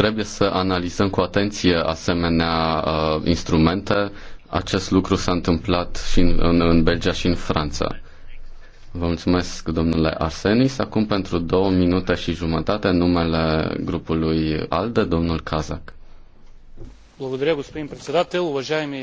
Trebuie să analizăm cu atenție asemenea uh, instrumente. Acest lucru s-a întâmplat și în, în, în Belgia și în Franța. Vă mulțumesc, domnule Arsenis. Acum, pentru două minute și jumătate, numele grupului ALDE, domnul Kazak. Благодаря, господин председател. Уважаеми